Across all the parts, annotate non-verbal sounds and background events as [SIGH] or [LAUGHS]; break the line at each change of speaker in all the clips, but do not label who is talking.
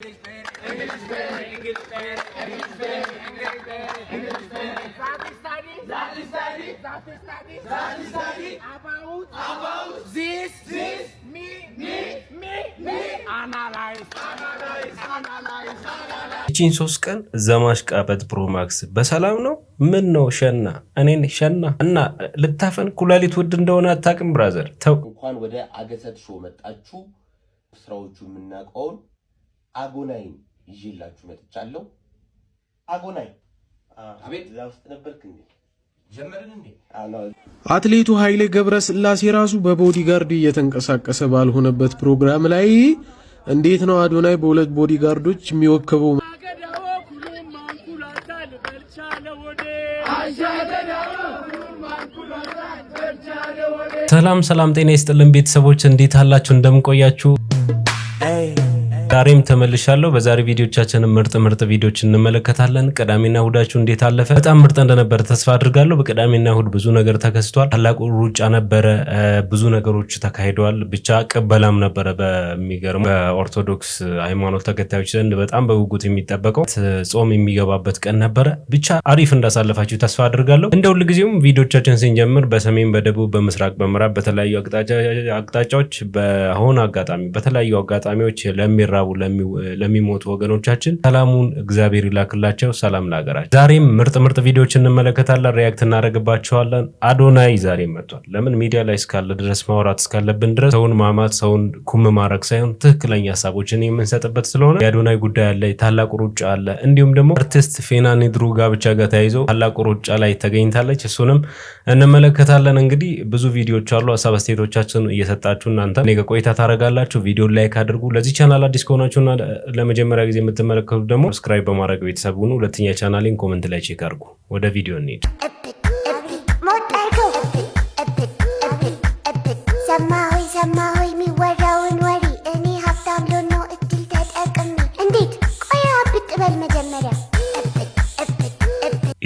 ይቺን
ሶስት ቀን ዘማሽቃበጥ ፕሮማክስ በሰላም ነው። ምን ነው ሸና እኔን ሸና እና ልታፈን ኩላሊት ውድ እንደሆነ አታውቅም ብራዘር
ተው። እንኳን ወደ አገሰት ሾ መጣችሁ። ስራዎቹ የምናውቀውን አጎናይን ይዤላችሁ መጥቻለሁ። አጎናይ አቤት፣ እዛ ውስጥ ነበርክ እንዴ?
አትሌቱ ኃይሌ ገብረስላሴ ራሱ በቦዲጋርድ እየተንቀሳቀሰ ባልሆነበት ፕሮግራም ላይ እንዴት ነው አዶናይ በሁለት ቦዲጋርዶች የሚወከበው? ሰላም ሰላም፣ ጤና ይስጥልን ቤተሰቦች፣ እንዴት አላችሁ? እንደምንቆያችሁ ዛሬም ተመልሻለሁ። በዛሬ ቪዲዮቻችንን ምርጥ ምርጥ ቪዲዮች እንመለከታለን። ቅዳሜና እሁዳችሁ እንዴት አለፈ? በጣም ምርጥ እንደነበረ ተስፋ አድርጋለሁ። በቅዳሜና እሁድ ብዙ ነገር ተከስቷል። ታላቁ ሩጫ ነበረ፣ ብዙ ነገሮች ተካሂደዋል። ብቻ ቅበላም ነበረ። በሚገርም በኦርቶዶክስ ሃይማኖት ተከታዮች ዘንድ በጣም በጉጉት የሚጠበቀው ጾም የሚገባበት ቀን ነበረ። ብቻ አሪፍ እንዳሳለፋችሁ ተስፋ አድርጋለሁ። እንደ ሁልጊዜውም ቪዲዮቻችን ስንጀምር በሰሜን፣ በደቡብ፣ በምስራቅ፣ በምዕራብ በተለያዩ አቅጣጫዎች በሆነ አጋጣሚ በተለያዩ አጋጣሚዎች ለሚራ ለተራቡ ለሚሞቱ ወገኖቻችን ሰላሙን እግዚአብሔር ይላክላቸው። ሰላም ለሀገራችን። ዛሬም ምርጥ ምርጥ ቪዲዮዎች እንመለከታለን፣ ሪያክት እናደርግባቸዋለን። አዶናይ ዛሬ መጥቷል። ለምን ሚዲያ ላይ እስካለ ድረስ ማውራት እስካለብን ድረስ ሰውን ማማት ሰውን ኩም ማድረግ ሳይሆን ትክክለኛ ሀሳቦችን የምንሰጥበት ስለሆነ የአዶናይ ጉዳይ አለ፣ ታላቁ ሩጫ አለ፣ እንዲሁም ደግሞ አርቲስት ፌና ኒድሩ ጋብቻ ጋር ተያይዘው ታላቁ ሩጫ ላይ ተገኝታለች። እሱንም እንመለከታለን። እንግዲህ ብዙ ቪዲዮዎች አሉ። ሀሳብ አስተያየቶቻችን እየሰጣችሁ እናንተ እኔ ጋር ቆይታ ታደርጋላችሁ። ቪዲዮን ላይክ አድርጉ። ለዚህ ቻናል አዲስ ከሆናችሁ እና ለመጀመሪያ ጊዜ የምትመለከቱ ደግሞ ሰብስክራይብ በማድረግ ቤተሰብ ሁኑ። ሁለተኛ ቻናሌን ኮመንት ላይ ቼክ አድርጉ። ወደ ቪዲዮ እንሂድ።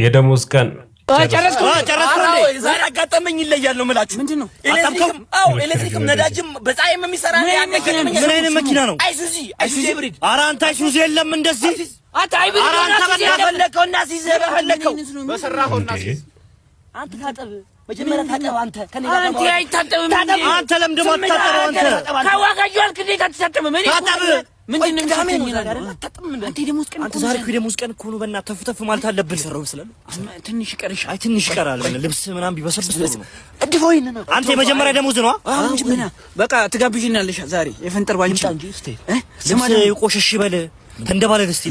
የደሞዝ ቀን
ጨረስኩ። ዛሬ አጋጠመኝ ይለያል ነው የምላችሁ። ምንድን ነው አጣምከው? አዎ ኤሌክትሪክም ነዳጅም በፀሐይም የሚሰራ ነው። ያጋጠመኝ ምን አይነት መኪና ነው? አይሱዚ አይሱዚ ብሪድ። ኧረ አንተ አይሱዚ የለም እንደዚህ አንተ አይብሪድ። ኧረ አንተ በቃ ፈለከው እና ሲዘ በፈለከው በሰራኸው እና ሲዘ አንተ ታጠብ መጀመሪያ ታጠብ። አንተ ከኔ ጋር አንተ አይታጠብም። አንተ ለምን ነው አትታጠብም? አንተ ታጠብ። ካዋጋጁ አልክ እንዴት አትታጠብም? ታጠብ ምንድነው በእናትህ ተፍ ተፍ ማለት አለብን። ትንሽ አይ ትንሽ ልብስ ምናምን ቢበሰብስ አንተ የመጀመሪያ ደሞዝ ነው። በቃ ዛሬ የፈንጠር ባንቺ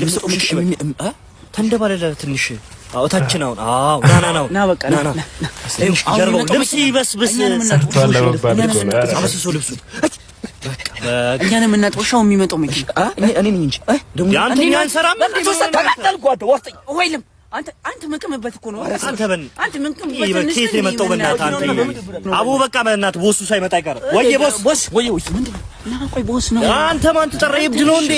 ልብስ ትንሽ ና ና ና በቃ ና ና ልብስ ይበስብስ እኛ ነው የምናጥበሻው። የሚመጣው መኪና እኔ ነኝ እንጂ ደግሞ አንተኛ አንሰራም። ተቃጠልኩ። ወስጠኝ ወይልም አንተ መቀመበት እኮ ነው። አንተ በን አንተ ነው። ከየት የመጣው በእናትህ አንተ አቡ በቃ በእናትህ ቦሱ ሳይመጣ አይቀርም። ወይ ቦስ ቦስ ወይ ወይ ምንድን ነው? ቦስ ነው አንተ ማን ተጠራ? ይብድ ነው እንዴ?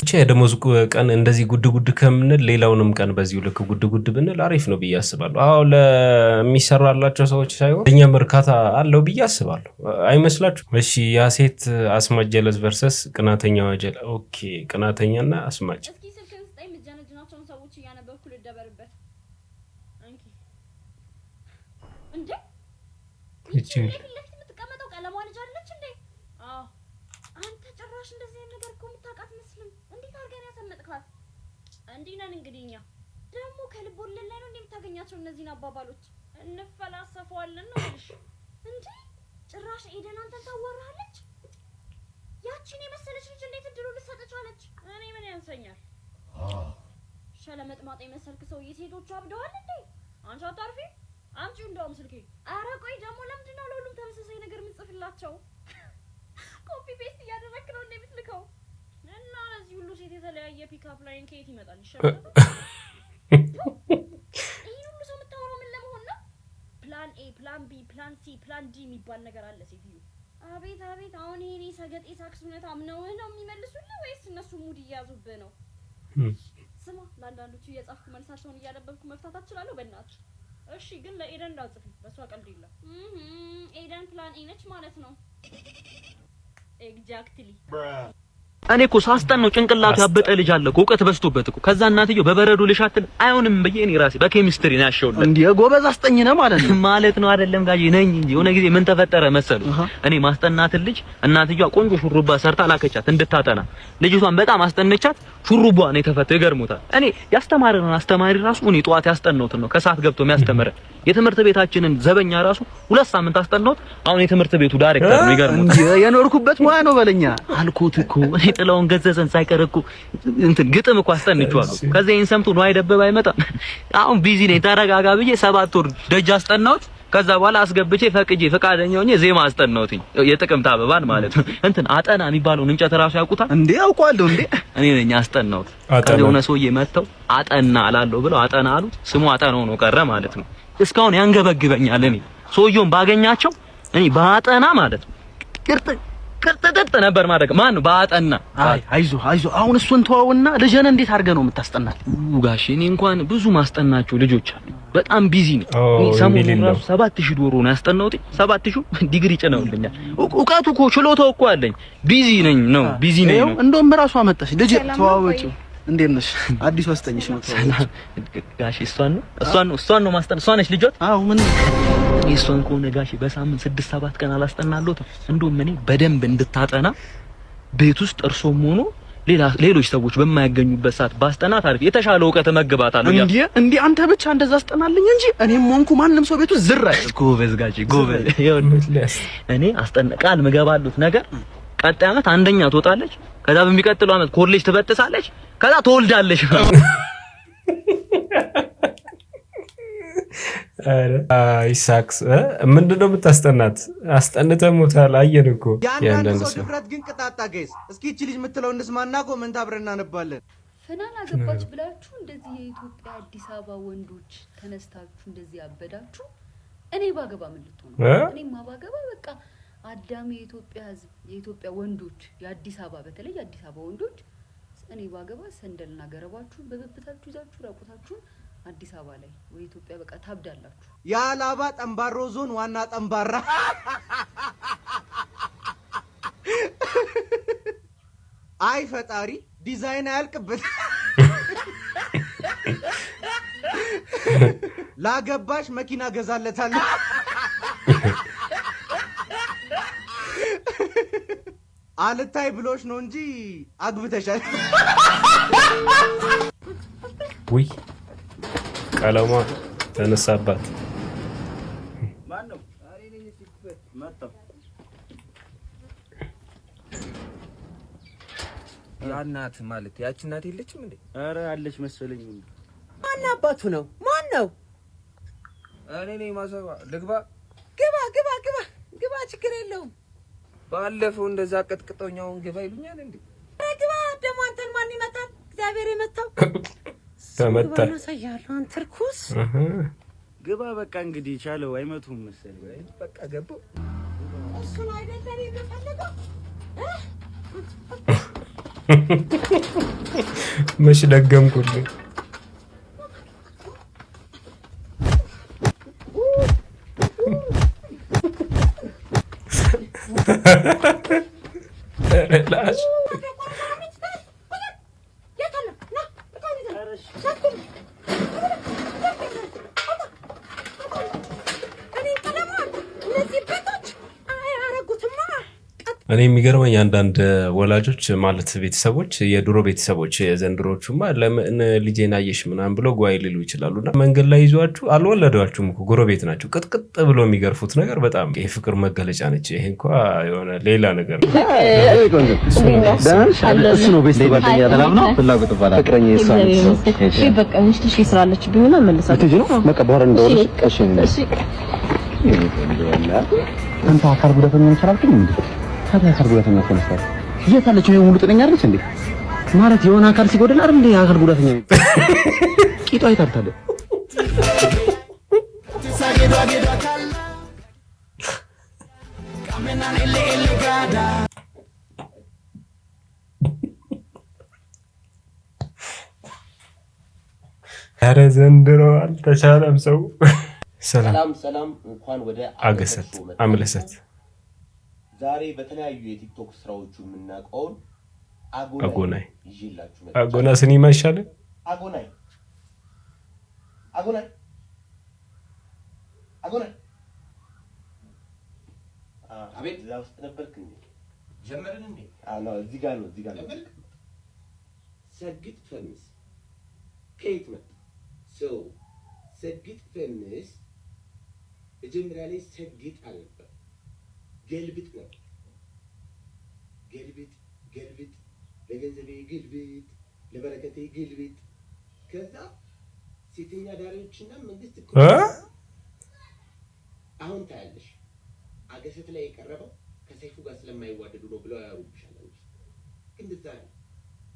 ብቻ የደሞዝ ቀን እንደዚህ ጉድ ጉድ ከምንል ሌላውንም ቀን በዚሁ ልክ ጉድ ጉድ ብንል አሪፍ ነው ብዬ አስባለሁ። አዎ ለሚሰራላቸው ሰዎች ሳይሆን እኛም እርካታ አለው ብዬ አስባለሁ። አይመስላችሁ? እሺ ያሴት አስማጀለስ ቨርሰስ ቅናተኛ ዋጀለ። ኦኬ ቅናተኛና አስማጀ
ልደበርበት አንቺ እንዴ ይቺ ፊት ለፊት የምትቀመጠው ቀለሟ ልጅ አለች እንዴ? አዎ። አንተ ጭራሽ እንደዚህ ነገር እኮ የምታውቃት መስልም። እንዴት አድርገን ያሰመጥካት? እንዲህ ነን እንግዲህ እኛ። ደግሞ ከልብ ወለድ ላይ ነው እንዴ የምታገኛቸው እነዚህን አባባሎች? እንፈላሰፈዋለን ነው ልሽ እንዴ? ጭራሽ ኤደን አንተን ታዋራሃለች። ያቺን የመሰለች ልጅ እንዴት እድሉ ልሰጠችዋለች? እኔ ምን ያንሰኛል? ሸለመጥማጣ የመሰልክ ሰውዬ ሴቶቹ አብደዋል እንዴ? አንቺ አታርፊ። አምጪው እንደውም ስልኬ። አረ ቆይ ደግሞ ለምንድን ነው ለሁሉም ተመሳሳይ ነገር የምንጽፍላቸው? [LAUGHS] ኮፒ ፔስት እያደረክ ነው እንደ የምትልከው። እና ለዚህ ሁሉ ሴት የተለያየ ፒክአፕ ላይን ከየት ይመጣል? ይሻላል። [LAUGHS] ይህ ሁሉ ሰው የምታወራው ምን ለመሆን ነው? ፕላን ኤ፣ ፕላን ቢ፣ ፕላን ሲ፣ ፕላን ዲ የሚባል ነገር አለ ሴትዮ። አቤት አቤት! አሁን ይሄኔ ሰገጤ ሳክስ እውነት ነው ነው የሚመልሱልህ ወይስ እነሱ ሙድ እየያዙብህ ነው? ስማ፣ ለአንዳንዶቹ እየጻፍኩ መልሳቸውን እያነበብኩ መፍታት አችላለሁ። በእናትሽ እሺ። ግን ለኤደን እንዳጽፊ፣ በእሷ ቀልድ የለም። ኤደን ፕላን ኤ ነች ማለት ነው። ኤግዛክትሊ
እኔ እኮ ሳስጠን ነው ጭንቅላቱ ያበጠ ልጅ አለ እኮ እውቀት በዝቶበት እኮ ከዛ እናትየው በበረዶ ልሻትል አይሆንም ብዬ እኔ ራሴ በኬሚስትሪ ነው ያሸውልኝ። እንዴ ጎበዝ አስጠኝ ነው ማለት ነው [LAUGHS] ማለት ነው አይደለም ጋጂ ነኝ እንጂ የሆነ ጊዜ ምን ተፈጠረ መሰሉ እኔ ማስጠናትን ልጅ እናትየዋ ቆንጆ ሹሩባ ሰርታ ላከቻት እንድታጠና። ልጅቷን በጣም አስጠነቻት። ሹሩባ ነው የተፈተው። ይገርሙታል። እኔ ያስተማረን አስተማሪ ራሱ እኔ ጠዋት ያስጠነውት ነው ከሰዓት ገብቶ የሚያስተምረን የትምህርት ቤታችንን ዘበኛ ራሱ ሁለት ሳምንት አስጠናሁት። አሁን የትምህርት ቤቱ ዳይሬክተር ነው። ይገርሙታል። የኖርኩበት ሙያ ነው በለኛ አልኩት እኮ ጥላውን ገዘዘን ሳይቀር እኮ እንትን ግጥም እኮ አስጠንቼዋለሁ። ከዚያ ይሄን ሰምቶ ነው አይደበብ አይመጣም። አሁን ቢዚ ነኝ ተረጋጋ ብዬ ሰባት ወር ደጅ አስጠናሁት። ከዛ በኋላ አስገብቼ ፈቅጄ ፈቃደኛ ሆኜ ዜማ አስጠናሁትኝ። የጥቅምት አበባን ማለት ነው። እንትን አጠና የሚባለውን እንጨት እራሱ ያውቁታል እንዴ? ያውቋለሁ እንዴ? እኔ ነኝ አስጠናሁት። የሆነ ሰውዬ መጥተው አጠና አላለሁ ብለው አጠና አሉት። ስሙ አጠና ነው ቀረ ማለት ነው። እስካሁን ያንገበግበኛል። እኔ ሰውየውን ባገኛቸው እኔ ባጠና ማለት ነው ቅርጥ ቅርጥጥጥ ነበር ማድረግ ማን ነው አይ አሁን እሱን ተዋውና ልጅህን እንዴት አድርገህ ነው የምታስጠናት? ጋሽ እኔ እንኳን ብዙ ማስጠናቸው ልጆች አሉ። በጣም ቢዚ ነው። ሰሞኑን ራሱ ሰባት ሺህ ዶሮ ነው ያስጠናሁት። ሰባት ሺህ [LAUGHS] ዲግሪ ጭነውልኛል። እውቀቱ እኮ ችሎታው እኮ አለኝ። ቢዚ ነኝ ነው ቢዚ ነኝ ነው። እንደውም ራሱ አመጣሽ ልጅ ተዋወጪው እንዴት ነሽ? አዲሱ አስጠኝሽ ነው እሷን ነው እሷን ነው እሷን ነው ማስጠን። እሷ ነች ልጆት። አዎ ምን እሷን ከሆነ በሳምንት ስድስት ሰባት ቀን እንደውም እኔ በደንብ እንድታጠና ቤት ውስጥ እርሶም ሆኖ ሌላ ሌሎች ሰዎች በማያገኙበት ሰዓት ባስጠናት አሪፍ የተሻለ እውቀት እንዴ እንዴ አንተ ብቻ እንደዛ አስጠናልኝ እንጂ እኔም ሆንኩ ማንም ሰው ቤቱ ጎበዝ ጎበዝ። እኔ አስጠና ቃል ምገባሉት ነገር ቀጣይ አመት አንደኛ ትወጣለች። ከዛ በሚቀጥለው አመት ኮሌጅ ትበጥሳለች። ከዛ ትወልዳለሽ። ይሳክስ ምንድን ነው የምታስጠናት? አስጠንተ ሞታል። አየን እኮ ያንዳንድ ሰው ድፍረት ግን ቅጣጣ ገይስ እስኪ ይቺ ልጅ የምትለው እንስማና ምን አብረን እናነባለን። ፍናን አገባች ብላችሁ እንደዚህ የኢትዮጵያ አዲስ አበባ ወንዶች ተነስታችሁ እንደዚህ ያበዳችሁ፣ እኔ ባገባ ምን ልትሆን እኔማ ባገባ በቃ አዳሚ የኢትዮጵያ ሕዝብ የኢትዮጵያ ወንዶች የአዲስ አበባ በተለይ የአዲስ አበባ ወንዶች እኔ ባገባ ሰንደልና ገረባችሁን በብብታችሁ ይዛችሁ ራቁታችሁን አዲስ አበባ ላይ ወይ ኢትዮጵያ በቃ ታብዳላችሁ። የአላባ ጠንባሮ ዞን ዋና ጠንባራ አይ ፈጣሪ ዲዛይን አያልቅበት። ላገባሽ መኪና ገዛለታለሁ። አልታይ ብሎሽ ነው እንጂ አግብተሻል። ውይ ቀለሟ ተነሳባት። ያናት ማለት ያቺ እናት የለችም እንዴ? አረ አለች መሰለኝ። ማን አባቱ ነው? ማን ነው? እኔ ነኝ። ማሰባ ልግባ። ግባ፣ ግባ፣ ግባ፣ ግባ። ችግር የለውም። ባለፈው እንደዛ ቀጥቅጠኛውን ግባ ይሉኛል እንዴ? ረግባ ደግሞ አንተን ማን ይመታል? እግዚአብሔር የመታው [LAUGHS] ተመታ ነው። አንተ ርኩስ ግባ። በቃ እንግዲህ ቻለው። አይመቱም መሰል በቃ ገቡ። እሱን አይደለም የምፈልገው። መች ደገምኩልህ። Relax. እኔ የሚገርመኝ አንዳንድ ወላጆች ማለት ቤተሰቦች የድሮ ቤተሰቦች የዘንድሮቹማ ለምን ልጄን አየሽ ምናምን ብሎ ጓይ ሊሉ ይችላሉ። እና መንገድ ላይ ይዟችሁ አልወለዷችሁም እኮ ጎረቤት ናቸው። ቅጥቅጥ ብሎ የሚገርፉት ነገር በጣም የፍቅር መገለጫ ነች። ይሄ እንኳ የሆነ ሌላ ነገር ነው። ስላለች ሰዓት የአካል ጉዳተኛ እኮ ነች ታዲያ የት አለችው? ሙሉ ጥነኛ አይደለች እንዴ? ማለት የሆነ አካል ሲጎደል አይደል እንዴ የአካል ጉዳተኛ ቂጧ ይታርታል። ኧረ ዘንድሮ አልተቻለም ሰው። ሰላም ሰላም፣ እንኳን ወደ አገሰት አምለሰት ዛሬ በተለያዩ የቲክቶክ ስራዎቹ የምናውቀውን አጎናይ ይዤላችሁ አጎና ስን ይሻላል። አጎናይ አጎናይ አጎናይ አቤት፣ እዛ ውስጥ ነበርክ እንዴ? ጀመርን እንዴ? አዎ፣ እዚህ ጋር ነው። እዚህ ጋር ነው። ሰግጥ ፈምስ ከየት መጣ ሰግጥ ፈምስ መጀመሪያ ላይ ሰግጥ አልነበረ ገልብጥ ነው። ገልብጥ ገልብጥ፣ ለገንዘቤ ግልብጥ፣ ለበረከቴ ግልብጥ። ከዛ ሴተኛ ዳሪዎችና መንግስት አሁን ታያለሽ። አገሰት ላይ የቀረበው ከሰይፉ ጋር ስለማይዋደዱ ነው ብለው ያሩብሻል። እንደዛ ነው።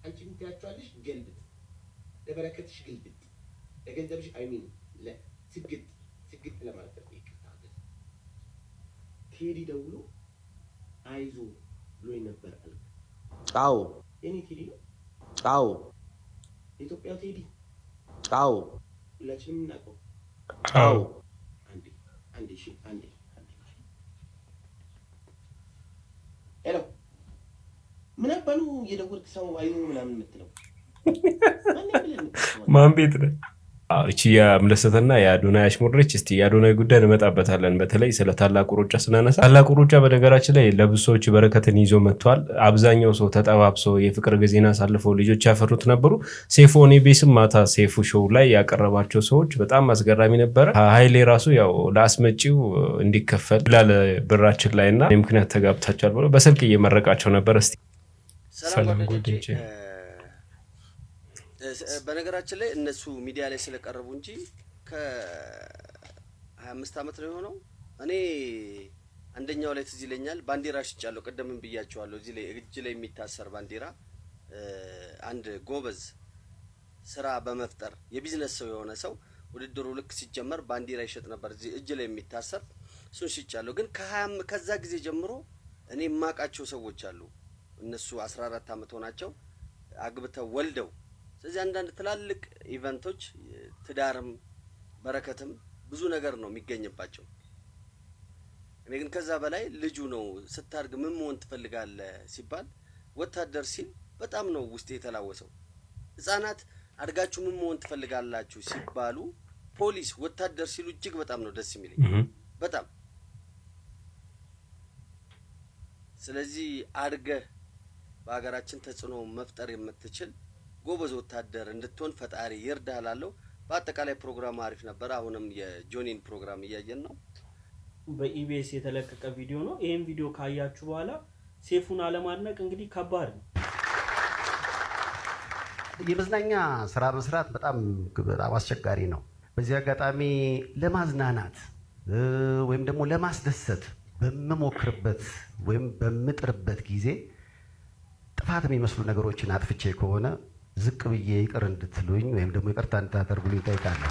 አንቺ ምታያቸዋለሽ። ገልብጥ፣ ለበረከትሽ ግልብጥ፣ ለገንዘብሽ አይሚን ስግጥ ስግጥ ለማለት ነው ቴዲ ደውሎ አይዞ ብሎ ነበር አለ። ጫው የኔ ቴዲ ነው። ጫው የኢትዮጵያው ቴዲ ጫው፣ ሁላችንም እናውቀው ጫው። አንዴ አንዴ፣ እሺ አንዴ፣ ሄሎ፣ ምን ሰው አይኑ ምናምን የምትለው [LAUGHS] ማን ቤት ነህ? እቺ የምለሰትና የአዶናይ አሽሙር ነች። እስቲ የአዶናይ ጉዳይ እንመጣበታለን። በተለይ ስለ ታላቁ ሩጫ ስናነሳ ታላቁ ሩጫ በነገራችን ላይ ለብዙ ሰዎች በረከትን ይዞ መጥቷል። አብዛኛው ሰው ተጠባብሶ የፍቅር ጊዜን አሳልፈው ልጆች ያፈሩት ነበሩ። ሴፉ ኦኔቤስም ማታ ሴፉ ሾው ላይ ያቀረባቸው ሰዎች በጣም አስገራሚ ነበረ። ሀይሌ ራሱ ያው ለአስመጪው እንዲከፈል ላለ ብራችን ላይ እና ምክንያት ተጋብታችኋል ብሎ በስልክ እየመረቃቸው ነበር። እስቲ ሰላም በነገራችን ላይ እነሱ ሚዲያ ላይ ስለቀረቡ እንጂ ከሀያ አምስት አመት ነው የሆነው። እኔ አንደኛው ላይ ትዝ ይለኛል ባንዲራ ሽጫለሁ። ቅድምም ብያቸዋለሁ። እዚህ ላይ እጅ ላይ የሚታሰር ባንዲራ አንድ ጎበዝ ስራ በመፍጠር የቢዝነስ ሰው የሆነ ሰው ውድድሩ ልክ ሲጀመር ባንዲራ ይሸጥ ነበር፣ እዚህ እጅ ላይ የሚታሰር እሱን ሽጫለሁ። ግን ከዛ ጊዜ ጀምሮ እኔ የማውቃቸው ሰዎች አሉ። እነሱ አስራ አራት አመት ሆናቸው አግብተው ወልደው ስለዚህ አንዳንድ ትላልቅ ኢቨንቶች ትዳርም በረከትም ብዙ ነገር ነው የሚገኝባቸው። እኔ ግን ከዛ በላይ ልጁ ነው ስታድግ ምን መሆን ትፈልጋለህ ሲባል ወታደር ሲል በጣም ነው ውስጥ የተላወሰው። ህጻናት አድጋችሁ ምን መሆን ትፈልጋላችሁ ሲባሉ ፖሊስ፣ ወታደር ሲሉ እጅግ በጣም ነው ደስ የሚለኝ በጣም ስለዚህ አድገህ በሀገራችን ተጽዕኖ መፍጠር የምትችል ጎበዝ ወታደር እንድትሆን ፈጣሪ ይርዳህ እላለሁ። በአጠቃላይ ፕሮግራም አሪፍ ነበር። አሁንም የጆኒን ፕሮግራም እያየን ነው። በኢቢኤስ የተለቀቀ ቪዲዮ ነው። ይህም ቪዲዮ ካያችሁ በኋላ ሴፉን አለማድነቅ እንግዲህ ከባድ ነው። የመዝናኛ ስራ መስራት በጣም በጣም አስቸጋሪ ነው። በዚህ አጋጣሚ ለማዝናናት ወይም ደግሞ ለማስደሰት በምሞክርበት ወይም በምጥርበት ጊዜ ጥፋት የሚመስሉ ነገሮችን አጥፍቼ ከሆነ ዝቅ ብዬ ይቅር እንድትሉኝ ወይም ደግሞ ይቅርታ እንድታቀርቡልኝ እጠይቃለሁ።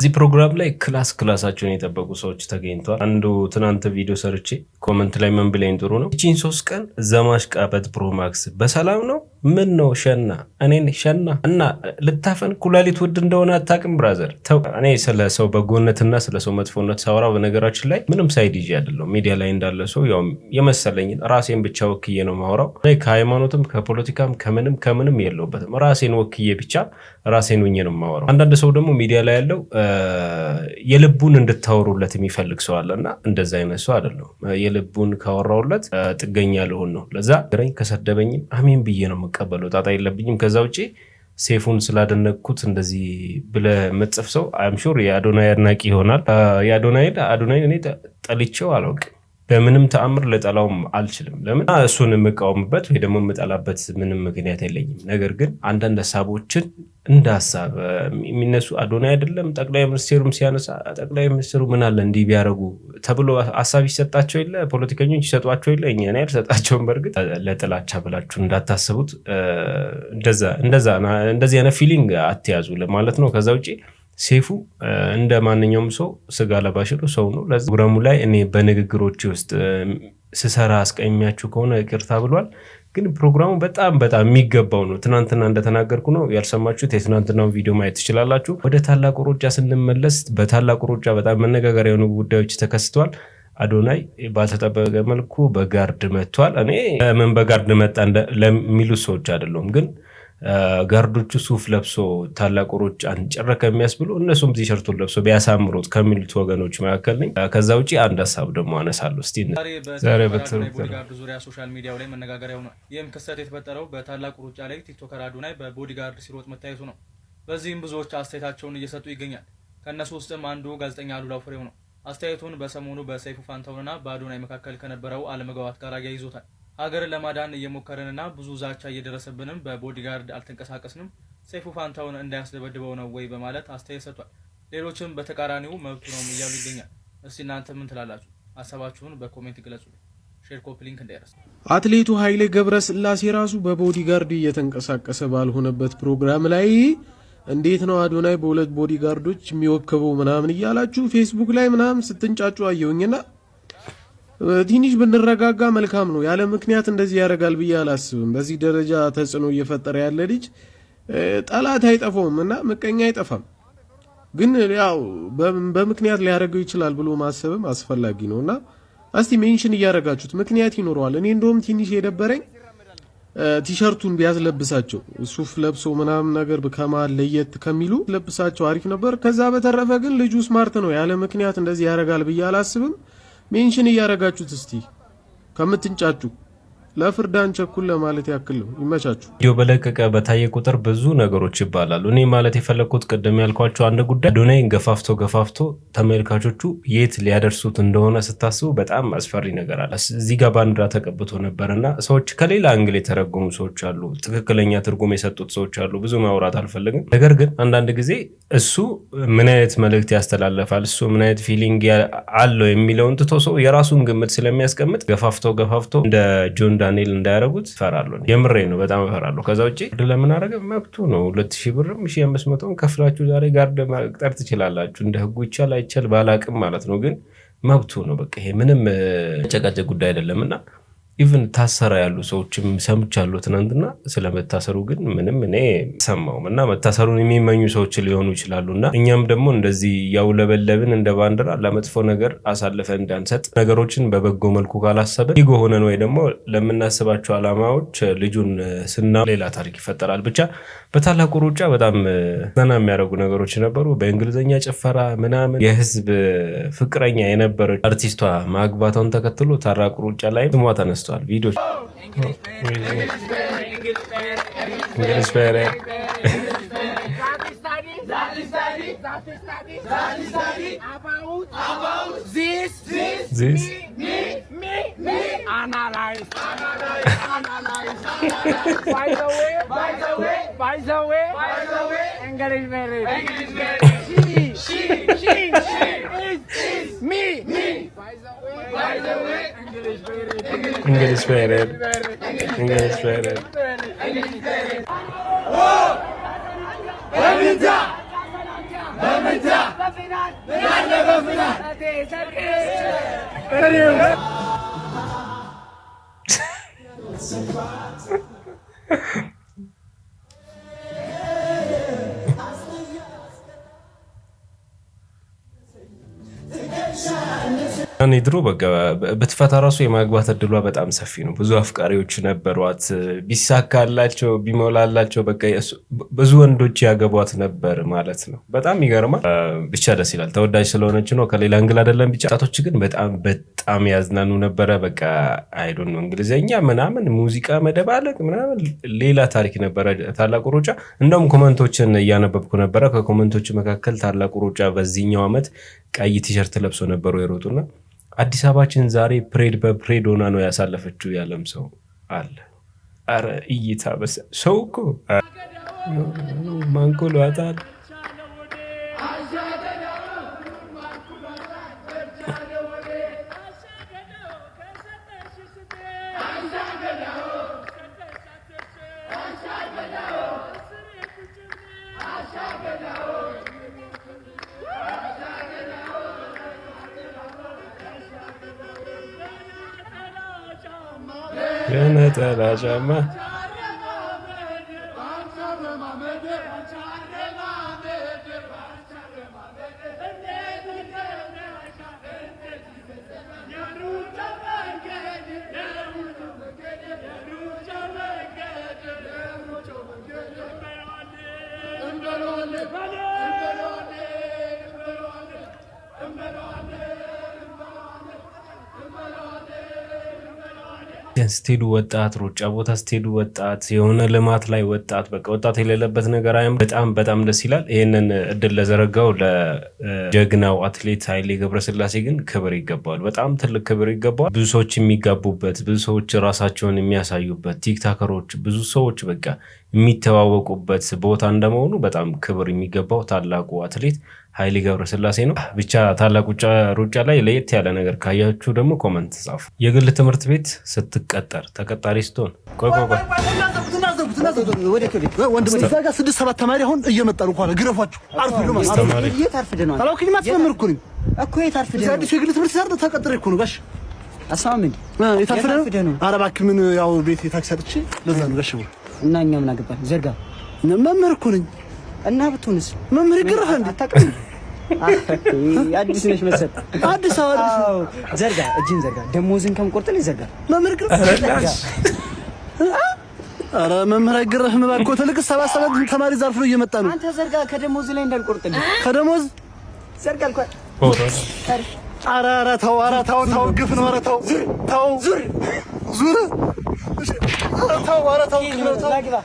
እዚህ ፕሮግራም ላይ ክላስ ክላሳቸውን የጠበቁ ሰዎች ተገኝተዋል። አንዱ ትናንት ቪዲዮ ሰርቼ ኮመንት ላይ መንብላይን ጥሩ ነው፣ ቺን ሶስት ቀን ዘማሽቃበት ፕሮማክስ በሰላም ነው ምን ነው ሸና? እኔን ሸና እና ልታፈን ኩላሊት ውድ እንደሆነ አታውቅም? ብራዘር ተው። እኔ ስለ ሰው በጎነትና ስለ ሰው መጥፎነት ሳወራ በነገራችን ላይ ምንም ሳይድ ይዤ አይደለም። ሚዲያ ላይ እንዳለ ሰው ያው የመሰለኝን ራሴን ብቻ ወክዬ ነው ማውራው። ከሃይማኖትም ከፖለቲካም ከምንም ከምንም የለውበትም። ራሴን ወክዬ ብቻ ራሴን ውኜ ነው ማውራው። አንዳንድ ሰው ደግሞ ሚዲያ ላይ ያለው የልቡን እንድታወሩለት የሚፈልግ ሰው አለ እና እንደዛ አይነት ሰው አይደለም። የልቡን ካወራውለት ጥገኛ ልሆን ነው። ለዛ ግረኝ ከሰደበኝም አሜን ብዬ ነው የምቀበለው ጣጣ የለብኝም። ከዛ ውጭ ሴፉን ስላደነቅኩት እንደዚህ ብለህ መጽፍ ሰው ሹር የአዶናይ አድናቂ ይሆናል። የአዶናይን አዶናይን እኔ ጠልቼው አላውቅም። በምንም ተአምር ልጠላውም አልችልም። ለምን እሱን የምቃወምበት ወይ ደግሞ የምጠላበት ምንም ምክንያት የለኝም። ነገር ግን አንዳንድ ሀሳቦችን እንደ ሀሳብ የሚነሱ አዶና አይደለም ጠቅላይ ሚኒስቴሩም ሲያነሳ ጠቅላይ ሚኒስትሩ ምን አለ እንዲህ ቢያደርጉ ተብሎ ሀሳብ ይሰጣቸው የለ ፖለቲከኞች ይሰጧቸው የለ እኛ እኔ አልሰጣቸውም። በእርግጥ ለጥላቻ ብላችሁ እንዳታስቡት እንደዚህ አይነት ፊሊንግ አትያዙ ለማለት ነው። ከዛ ውጭ ሴፉ እንደ ማንኛውም ሰው ስጋ ለባሽ ነው፣ ሰው ነው። ለዚህ ፕሮግራሙ ላይ እኔ በንግግሮች ውስጥ ስሰራ አስቀሚያችሁ ከሆነ ይቅርታ ብሏል። ግን ፕሮግራሙ በጣም በጣም የሚገባው ነው። ትናንትና እንደተናገርኩ ነው። ያልሰማችሁት የትናንትናውን ቪዲዮ ማየት ትችላላችሁ። ወደ ታላቁ ሩጫ ስንመለስ በታላቁ ሩጫ በጣም መነጋገሪያ የሆኑ ጉዳዮች ተከስተዋል። አዶናይ ባልተጠበቀ መልኩ በጋርድ መጥቷል። እኔ ምን በጋርድ መጣ ለሚሉ ሰዎች አይደለሁም ግን ጋርዶቹ ሱፍ ለብሶ ታላቁ ሩጫን ጨረ ከሚያስብሉ እነሱም ቲሸርቱን ለብሶ ቢያሳምሩት ከሚሉት ወገኖች መካከል ነኝ። ከዛ ውጭ አንድ ሀሳብ ደግሞ አነሳለሁ። እስቲ ዛሬ ዙሪያ ሶሻል ሚዲያው ላይ መነጋገሪያ ሆኗል። ይህም ክስተት የተፈጠረው በታላቁ ሩጫ ላይ ቲክቶከር አዶናይ በቦዲጋርድ ሲሮጥ መታየቱ ነው። በዚህም ብዙዎች አስተያየታቸውን እየሰጡ ይገኛል። ከእነሱ ውስጥም አንዱ ጋዜጠኛ አሉላው ፍሬው ነው። አስተያየቱን በሰሞኑ በሰይፉ ፋንታውንና በአዶናይ መካከል ከነበረው አለመግባባት ጋር አያይዞታል። ሀገር ለማዳን እየሞከረንና ብዙ ዛቻ እየደረሰብንም በቦዲጋርድ አልተንቀሳቀስንም፣ ሰይፉ ፋንታውን እንዳያስደበድበው ነው ወይ በማለት አስተያየት ሰጥቷል። ሌሎችም በተቃራኒው መብቱ ነው እያሉ ይገኛል። እስቲ እናንተ ምን ትላላችሁ? ሀሳባችሁን በኮሜንት ግለጹ። ሼር ኮፒ ሊንክ እንዳይረስ። አትሌቱ ኃይሌ ገብረስላሴ ራሱ በቦዲጋርድ እየተንቀሳቀሰ ባልሆነበት ፕሮግራም ላይ እንዴት ነው አዶናይ በሁለት ቦዲጋርዶች የሚወክበው ምናምን እያላችሁ ፌስቡክ ላይ ምናምን ስትንጫጩ አየሁኝና ትንሽ ብንረጋጋ መልካም ነው። ያለ ምክንያት እንደዚህ ያደርጋል ብዬ አላስብም። በዚህ ደረጃ ተጽዕኖ እየፈጠረ ያለ ልጅ ጠላት አይጠፋውም እና ምቀኛ አይጠፋም። ግን ያው በምክንያት ሊያደርገው ይችላል ብሎ ማሰብም አስፈላጊ ነው እና እስቲ ሜንሽን እያደረጋችሁት ምክንያት ይኖረዋል። እኔ እንደውም ትንሽ የደበረኝ ቲሸርቱን ቢያስለብሳቸው ሱፍ ለብሶ ምናምን ነገር ከመሃል ለየት ከሚሉ ለብሳቸው አሪፍ ነበር። ከዛ በተረፈ ግን ልጁ ስማርት ነው። ያለ ምክንያት እንደዚህ ያደርጋል ብዬ አላስብም። ሜንሽን እያረጋችሁት እስቲ ከምትንጫጩ ለፍርድ አንቸኩል ለማለት ያክል ነው። ይመቻችሁ። ቪዲዮ በለቀቀ በታየ ቁጥር ብዙ ነገሮች ይባላሉ። እኔ ማለት የፈለግኩት ቅድም ያልኳቸው አንድ ጉዳይ አዶናይን ገፋፍቶ ገፋፍቶ ተመልካቾቹ የት ሊያደርሱት እንደሆነ ስታስቡ በጣም አስፈሪ ነገር አለ። እዚህ ጋር ባንዲራ ተቀብቶ ነበር እና ሰዎች ከሌላ እንግል የተረጎሙ ሰዎች አሉ፣ ትክክለኛ ትርጉም የሰጡት ሰዎች አሉ። ብዙ ማውራት አልፈልግም። ነገር ግን አንዳንድ ጊዜ እሱ ምን አይነት መልእክት ያስተላልፋል፣ እሱ ምን አይነት ፊሊንግ አለው የሚለውን ትቶ ሰው የራሱን ግምት ስለሚያስቀምጥ ገፋፍቶ ገፋፍቶ እንደ ጆን ዳንኤል እንዳያደረጉት እፈራለሁ። የምሬ ነው፣ በጣም እፈራለሁ። ከዛ ውጭ ፍርድ ለምናደረገ መብቱ ነው። ሁለት ሺህ ብርም ሺህ አምስት መቶም ከፍላችሁ ዛሬ ጋርድ መቅጠር ትችላላችሁ። እንደ ህጉ ይቻል አይቻል ባላቅም ማለት ነው፣ ግን መብቱ ነው። በቃ ይሄ ምንም ጨቃጨቅ ጉዳይ አይደለም እና ኢቨን ታሰረ ያሉ ሰዎችም ሰምቻለሁ ትናንትና። ስለመታሰሩ ግን ምንም እኔ ሰማውም እና መታሰሩን የሚመኙ ሰዎች ሊሆኑ ይችላሉ እና እኛም ደግሞ እንደዚህ ያውለበለብን እንደ ባንዲራ ለመጥፎ ነገር አሳልፈን እንዳንሰጥ ነገሮችን በበጎ መልኩ ካላሰብን ይጎ ሆነን ወይ ደግሞ ለምናስባቸው አላማዎች ልጁን ስና ሌላ ታሪክ ይፈጠራል። ብቻ በታላቁ ሩጫ በጣም ዘና የሚያደርጉ ነገሮች ነበሩ። በእንግሊዝኛ ጭፈራ ምናምን የህዝብ ፍቅረኛ የነበረች አርቲስቷ ማግባቷን ተከትሎ ታላቁ ሩጫ ላይ ስሟ ተነስ história. Vídeo. This, this, analyze, analyze, analyze, analyze. By the way, by the way, by the way, English English she, she, she. English parrot. English parrot. English Oh! Let Let Let Let Let Let me me me me me me parrot. እኔ ድሮ በቃ ብትፈታ ራሱ የማግባት እድሏ በጣም ሰፊ ነው። ብዙ አፍቃሪዎች ነበሯት። ቢሳካላቸው ቢሞላላቸው በቃ ብዙ ወንዶች ያገቧት ነበር ማለት ነው። በጣም ይገርማል። ብቻ ደስ ይላል። ተወዳጅ ስለሆነች ነው። ከሌላ እንግል አይደለም። ብቻ ጣቶች ግን በጣም በጣም ያዝናኑ ነበረ። በቃ አይዶ ነው እንግሊዝኛ ምናምን ሙዚቃ መደባለቅ ምናምን ሌላ ታሪክ ነበረ። ታላቁ ሩጫ እንደውም ኮመንቶችን እያነበብኩ ነበረ። ከኮመንቶች መካከል ታላቁ ሩጫ በዚህኛው ዓመት ቀይ ቲሸርት ለብሶ ነበሩ የሮጡና አዲስ አበባችን ዛሬ ፕሬድ በፕሬድ ሆና ነው ያሳለፈችው ያለም ሰው አለ። አረ እይታ በሰ ሰው እኮ ማንኮ Cennet el acama. ስትሄዱ ወጣት፣ ሩጫ ቦታ ስትሄዱ ወጣት፣ የሆነ ልማት ላይ ወጣት፣ በቃ ወጣት የሌለበት ነገር አያም። በጣም በጣም ደስ ይላል። ይህንን እድል ለዘረጋው ለጀግናው አትሌት ኃይሌ ገብረስላሴ ግን ክብር ይገባዋል። በጣም ትልቅ ክብር ይገባዋል። ብዙ ሰዎች የሚጋቡበት፣ ብዙ ሰዎች ራሳቸውን የሚያሳዩበት፣ ቲክታከሮች ብዙ ሰዎች በቃ የሚተዋወቁበት ቦታ እንደመሆኑ በጣም ክብር የሚገባው ታላቁ አትሌት ኃይሌ ገብረስላሴ ነው። ብቻ ታላቁ ሩጫ ላይ ለየት ያለ ነገር ካያችሁ ደግሞ ኮመንት ጻፉ። የግል ትምህርት ቤት ስትቀጠር ተቀጣሪ ስትሆን ቆይ ቆይ ቆይ ስድስት ሰባት ተማሪ አሁን የግል ትምህርት ተቀጥሬ እኮ ነው ጋሽ ምን ያው ቤት የታክሲ ለዛ ነው ጋሽ እና እኛ ምን አገባን? ዘርጋ መምህር እኮ ነኝ እና ብትሆንስ መምህር ግርህ እንዴ አዲስ ነሽ መሰል አዲስ አዲስ ዘርጋ እጅን ዘርጋ ደሞዝን ከምቆርጥል ይዘርጋ መምህር ግርህ ኧረ መምህር አይገረፍም እባክህ ትልቅ ሰባ ሰባት ተማሪ ዛርፍ ነው እየመጣ ነው አንተ ዘርጋ ከደሞዝ ላይ እንዳልቆርጥልህ ከደሞዝ ዘርጋ አልኳት አረ አረ ተው፣ አረ ተው፣ ተው፣ ግፍ ነው። አረ ተው፣ ተው፣ ዙር ዙር። አረ ተው፣ አረ ተው፣ ግፍ ነው። ተው አረ ተው ተው ግፍ ነው አረ ተው ተው ዙር ዙር አረ ተው አረ ተው ግፍ ነው ተው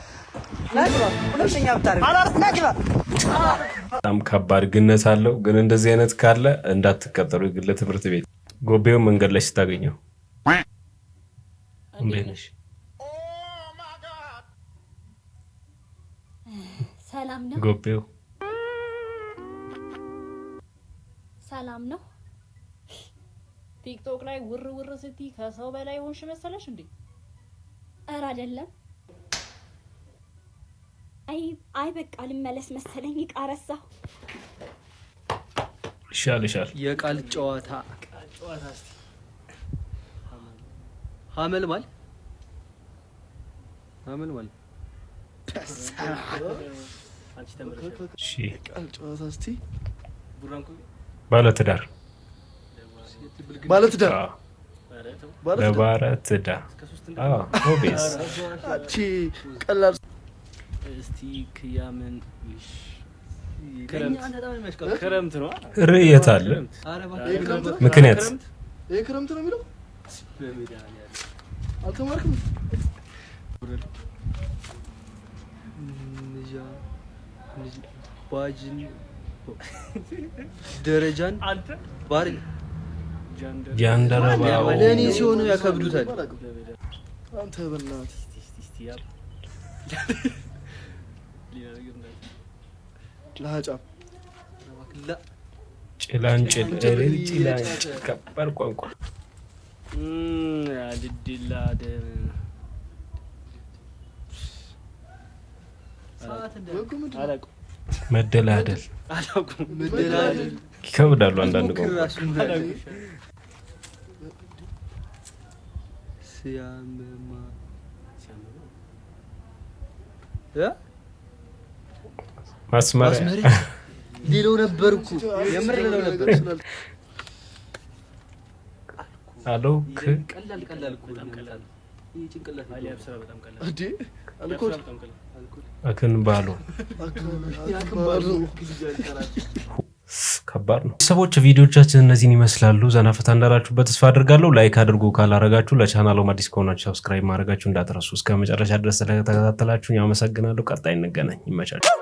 በጣም ከባድ ግነት አለው። ግን እንደዚህ አይነት ካለ እንዳትቀጠሩ፣ ግለ ትምህርት ቤት ጎቤውን መንገድ ላይ ስታገኘው ጎቤው ሰላም ነው። ቲክቶክ ላይ ውር ውር ስቲ ከሰው በላይ ሆንሽ መሰለሽ እንዴ? ኧረ አይደለም አይ በቃ ልመለስ መሰለኝ። እቃ ረሳሁ። ይሻል ይሻል። የቃል ጨዋታ ሀመል ማል ሀመል ማል ባለትዳር ባለትዳር ለባለትዳር ቀላል እስቲ ክያምን ሽ ክረምት ነው። ርዕየት አለ ምክንያት ይህ ክረምት ነው የሚለው አልተማርክም። ባጅን ደረጃን ባሪ ጃንደረባ ለእኔ ሲሆኑ ያከብዱታል። አንተ በናትህ ጭላንጭል ጭላንጭል ከባድ ቋንቋ መደላደል ይከብዳሉ። አንዳንድ ቋንቋ ሲያመማ ማስመሪያ ሌለው ነበር የምር ነበር። ከባድ ነው። ሰዎች ቪዲዮቻችን እነዚህን ይመስላሉ። ዘናፈታ እንዳላችሁበት ተስፋ አድርጋለሁ። ላይክ አድርጉ ካላረጋችሁ፣ ለቻናሉ አዲስ ከሆናችሁ ሰብስክራይብ ማድረጋችሁ እንዳትረሱ። እስከ መጨረሻ ድረስ ስለተከታተላችሁ ያመሰግናለሁ። ቀጣይ እንገናኝ። ይመቻችሁ።